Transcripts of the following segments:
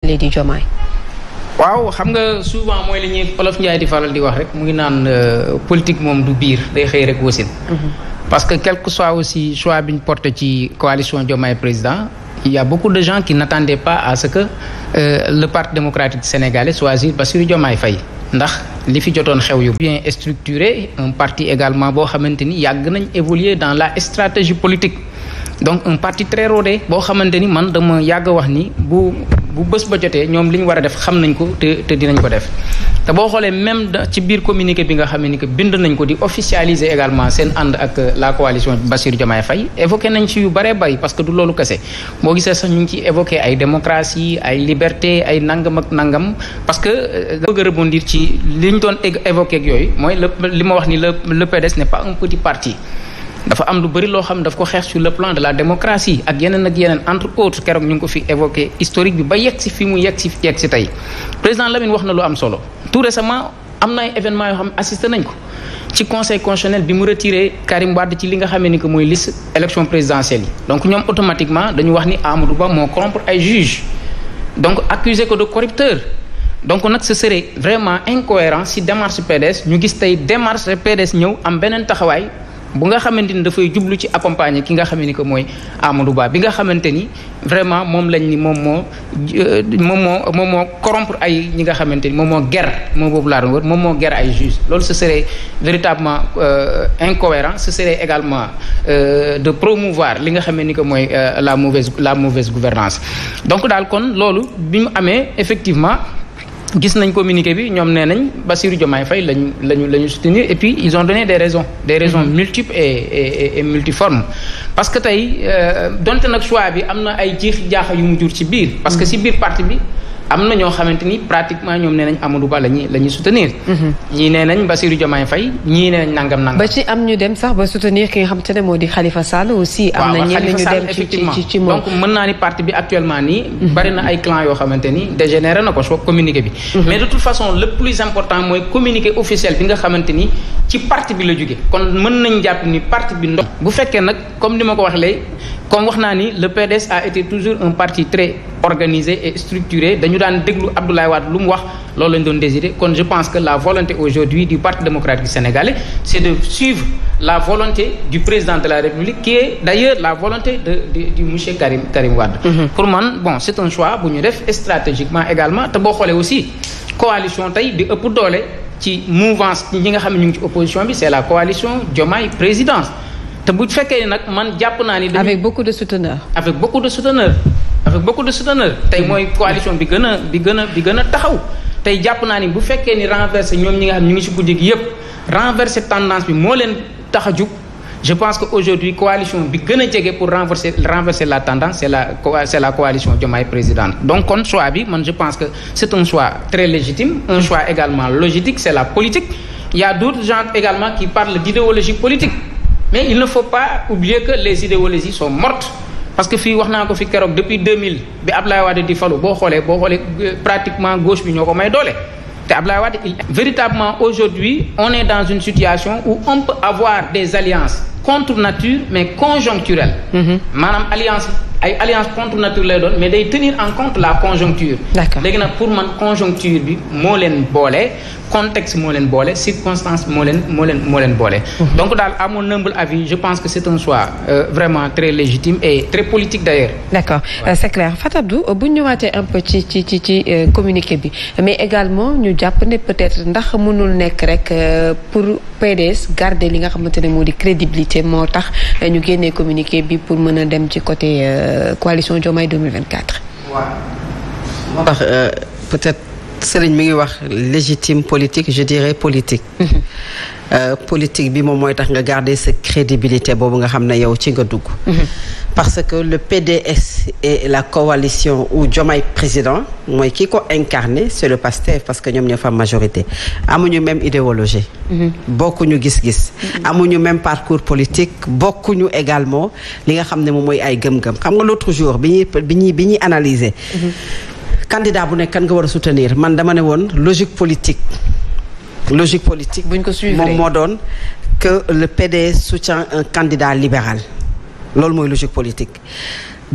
Lady Diomaye waaw xam nga souvent mooy li olof Njaay di faral di wax rek mu ngi naan euh, politique moom du biir day xëy rek wasin mhm. parce que quel soit aussi choix bi ñu porté ci coalition Diomaye président il y a beaucoup de gens qui n'attendaient pas a ce que euh, le parti démocratique sénégalais choisisse Bassirou Diomaye Faye ndax li fi jotoon xew yu bien structuré un parti également boo xamante ni yàgg nañ évoluer dans la stratégie politique donc un parti très rodé boo xamante ni man dama bu bës ba jotee ñoom li ñu war a def xam nañ ko te te dinañ ko def te boo xoolee même ci biir communiqué bi nga xamee ni que bind nañ ko di officialiser également seen ànd ak euh, la coalition Bassirou Diomaye fay évoqué nañ ci yu bëree bëri parce que du loolu kese moo gisee sax ñu ngi ciy évoqué ay démocratie ay liberté ay nangam ak nangam parce que euh, bëgg a ci li ñu doon évoqué ak yooyu mooy li ma wax ni le le PDS n'est pas un petit parti dafa am lu bëri loo xam daf ko xeex sur le plan de la démocratie ak yeneen ak yeneen entre autres keroog ñu ngi ko fi évoqué historique bi ba yegg si fi mu yegg si yegg si tey président Lamine wax na lu am solo tout récemment am na ay événements yoo xam assisté nañ ko ci conseil constitutionnel bi mu retiré Karim Wade ci li nga xamee ni que mooy liste élection présidentielle yi donc ñoom automatiquement dañu wax ni Amadou Ba moo corrompre ay juge donc accusé ko de corrupteur donc nag vraiment incohérent si démarche PDS ñu gis tey démarche PDS ñëw am beneen taxawaay bu nga xamante ni dafay jublu ci accompagner ki nga xam ni que mooy Amadou Ba bi nga xamante ni vraiment moom lañ ni moom moo euh, moom moo moom moo corrompre ay ñi nga xamante ni moom moo guerre moom boobu laa doon moom moo guerre ay juge loolu ce serait véritablement euh, incohérent ce serait également euh, de promouvoir li nga xam ni que mooy la mauvaise la mauvaise gouvernance donc daal kon loolu bi mu amee effectivement gis nañ communiqué bi ñoom nee nañ Bassirou Diomaye fay lañ lañu la ñu soutenir et puis ils ont donné des raisons des raisons mm-hmm. multiples et et et parce que tey euh, donte nag choix bi am na ay jiix jaaxa yu mu jur ci biir parce que mm-hmm. ci biir parti bi am na ñoo xamante ni pratiquement ñoom nee nañ Amadou Ba la soutenir. Mhm. ñii nee nañ Bassirou Diomaye Faye ñii nee nañ nangam nangam. ba ci am ñu dem sax ba soutenir ki nga xamante ne moo di Khalifa Sall aussi. am na ñenn ñu dem ci donc mën naa ni parti bi actuellement nii. Mhm. bari ay clans yoo xamante ni dégénéré na ko soo communiqué bi. Mhm. mais de toute façon le plus important mooy communiqué officiel bi nga xamante ni. ci parti bi la jóge kon mën nañ jàpp ni parti bi ndox bu fekkee nag comme ni ma ko wax lay comme wax naa ni le PDS a été toujours un parti très organisé et structuré dañu daan déglu Abdoulaye Wade lu mu wax loolu lañ doon désiré kon je pense que la volonté aujourd'hui du Parti démocratique sénégalais c'est de suivre la volonté du président de la République qui est d'ailleurs la volonté de du monsieur Karim Karim Wade mm-hmm. pour man bon c'est un choix bu ñu def stratégiquement également te boo xoolee aussi coalition tey di ëpp doole ci mouvance ñi xam ne ñu ngi ci opposition bi c'est la coalition Diomaye présidence te bu fekkee nag man jàpp naa ni. avec beaucoup de souteneurs. avec beaucoup de souteneurs avec beaucoup de souteneurs tey mooy coalition bi gën a bi gën a bi gën a taxaw tey jàpp naa ni bu fekkee ni renverser ñoom ñi nga xam ñu ngi si guddi gi yépp renverser tendance bi moo leen tax a jug je pense que aujourd'hui coalition bi gën a jege pour renverser renverser la tendance c'est la c'est la coalition Diomaye présidente donc kon choix bi man je pense que c'est un choix très légitime un choix également logique c'est la politique il a d'autres gens également qui parlent d'idéologie politique mais il ne faut pas oublier que les idéologies sont mortes parce que fii wax naa ko fi keroog depuis 2000 bi Abdoulaye Wade di falu boo xoolee boo xoolee euh, pratiquement gauche bi ñoo ko doole te Abdoulaye Wade il véritablement aujourd'hui on est dans une situation des alliances contre nature mais conjoncturel mm-hmm. maanaam alliance ay alliance contre nature lay doon mais day tenir en compte la conjoncture léegi nag pour man conjoncture bi moo leen boole contexte moo leen boole circonstance moo leen moo leen moo leen boole mhm. donc daal amoon mon humble avis je pense que c'est un choix euh, vraiment très légitime et très politique d'ailleurs d'accord ouais. euh, c'est euh, bu ñu ñëwaatee un peu ci ci ci ci euh, communiqué bi mais également ñu jàpp ne peut-être ndax mënul nekk rek euh, pour PDS garder li nga xamante ne moo di crédibilité moo tax ñu génnee communiqué bi pour mën a dem ci côté Euh, coalition Diomaye 2024. waaw moo tax peut-être. sëriñ mi ngi wax légitime politique je dirais politique. Euh, politique bi moom mooy tax nga garder sa crédibilité boobu nga xam ne yow ci nga dugg. Mhm. parce que le PDS et la coalition ou Diomaye président mooy ki ko incarné c'est le PASTEF parce que ñoom ñoo fa majorité amuñu même idéologie. Mhm. bokkuñu gis-gis. Mhm. amuñu même parcours politique bokkuñu également li nga xam ne moom mooy ay gëm-gëm xam nga l'autre jour bi ñuy bi ñuy bi ñuy analyser. candidat bu nekk kan nga war a soutenir man dama ne woon logique politique logique politique ñu ko suivre moom moo doon que le pd soutient un candidat libéral loolu mooy logique politique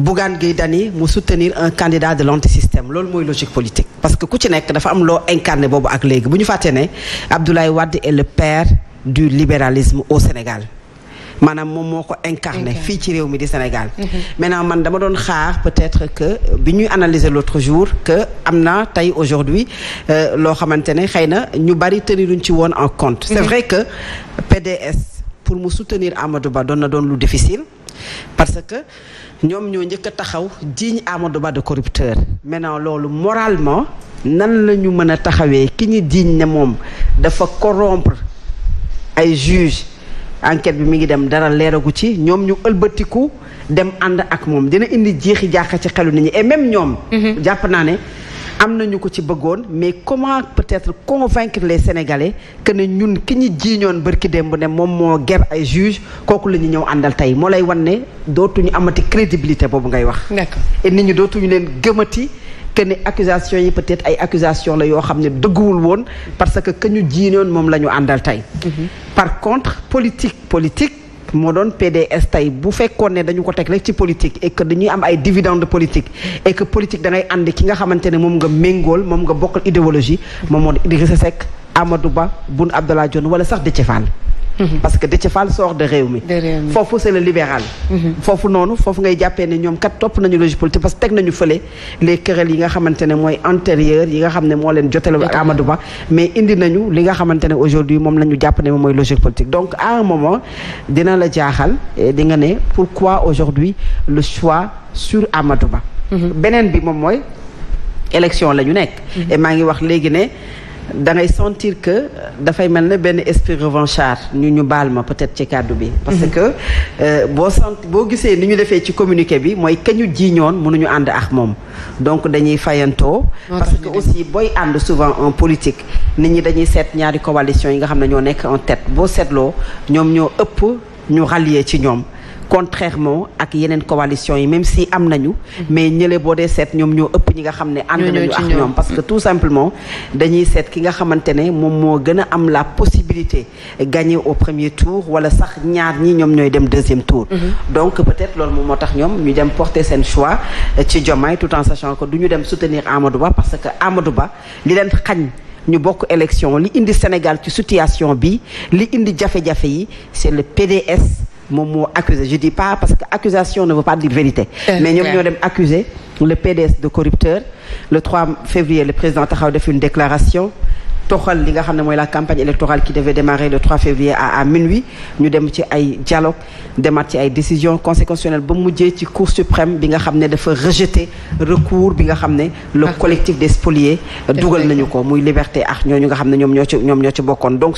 Bougane gi Dany mu soutenir un candidat de l'antisystème loolu mooy logique politique parce que ku ci nekk dafa am loo incarné boobu ak léegi bu ñu fàttee ne Abdoulaye Wade est le père du libéralisme au Sénégal maanaam moom moo ko incarné fii ci réew mi di Sénégal mhm. maintenant man dama doon xaar peut-être que bi ñuy analyser l'autre jour que am na tey aujourd'hui euh, loo xamante ne xëy na ñu bari teniruñ ci woon en compte c'est mhm. vrai que PDS pour mu soutenir Amadou Ba doon na doon lu difficile parce que ñoom ñoo njëkk a taxaw jiiñ Amadou Ba de corrupteur maintenant loolu moralement nan la ñu mën a taxawee ki ñu jiiñ ne moom dafa corrompre ay juge enquête bi mi ngi dem dara leeragu ci ñoom ñu ëlbatiku dem ànd ak moom dina indi jeexi jaaxa ci xelu nit ñi et même ñoom. Mhm. jàpp naa ne am nañu ko ci bëggoon mais comment peut-être convaincre les sénégalais que ne ñun ki ñu jiiñoon bërki démb ne moom moo ger ay juge kooku la ñu ñëw àndal tey moo lay wan ne dootuñu amati crédibilité boobu ngay wax. d'accord et nit ñi dootuñu leen gëmati. que ne accusation yi peut-être ay accusation la yoo xam ne dëgguwul woon parce que que ñu moom la ñu àndal tey mhm. par contre politique politique moo doon PDS tey bu fekkoon ne dañu ko teg rek ci politique et dañuy am ay dividende politique et que politique da ngay ki nga xamante ne moom nga méngool moom nga bokkal idéologie moom moo Idrissa Seck Amadou Ba Boun Abdallah Dionne wala sax Déthié Fall Mhm. parce que Déthié Fall sort de réew mi foofu c'est le libéral mhm. foofu noonu foofu ngay jàppee ne ñoom kat topp nañu logique politique parce que teg nañu fële les querelles yi nga xamante ne mooy antérieur yi nga xam ne moo leen jotale ak Amadou Ba mais indi nañu li nga xamante ne aujourd'hui moom la ñu jàpp ne moom mooy logique politique donc un moment dina la jaaxal di nga ne pourquoi aujourd'hui le choix sur Amadou Ba mhm. beneen bi moom mooy élection la ñu nekk maa ngi wax léegi ne da ngay sentir que dafay mel ne benn esprit revanchard ñu ñu baal ma peut-être ci kàddu bi. parce mhm. que euh, boo sant boo gisee ni ñu defee ci communiqué bi mooy ka ñu jiiñoon mënuñu ànd ak moom donc dañuy fayantoo. parce que aussi booy ànd souvent en politique nit ñi dañuy seet ñaari coalition yi nga xam ne ñoo nekk en tête boo seetloo ñoom ñoo ëpp ñu rallier ci ñoom. contrairement ak yeneen coalition yi même si am nañu mais ñële boo dee seet ñoom ñoo ëpp ñi nga xam ne ànd nañu ak ñoom parce que tout simplement dañuy seet ki nga xamante ne moom moo gën a am la possibilité gagner au premier tour wala sax ñaar ñi ñoom ñooy dem deuxième tour mhm. donc peut-être loolu moom moo tax ñoom ñu dem porter seen choix ci Diomaye tout en sachant que du ñu dem soutenir Amadou Ba parce que Amadou Ba li leen xañ ñu bokk élection li indi Sénégal ci situation bi li indi jafe-jafe yi c'est le PDS moom moo accusé je dis pas parce que accusation ne veut pas dire vérité euh, mais ñoom ñoo dem accuser le PDS de corrupteur le 3 février le président taxaw def une déclaration toxal li nga xam ne mooy la campagne électorale qui devait démarrer le 3 février à minuit ñu dem ci ay dialogue demaat ci ay décision conseil constitutionnel ba mujjee ci cour suprême bi nga xam ne dafa rejeter recours bi nga xam ne le collectif des spoliés dugal nañu ko muy liberté ak ñooñu xam ne ñoom ñoo ñoom ñoo ci bokkoon donc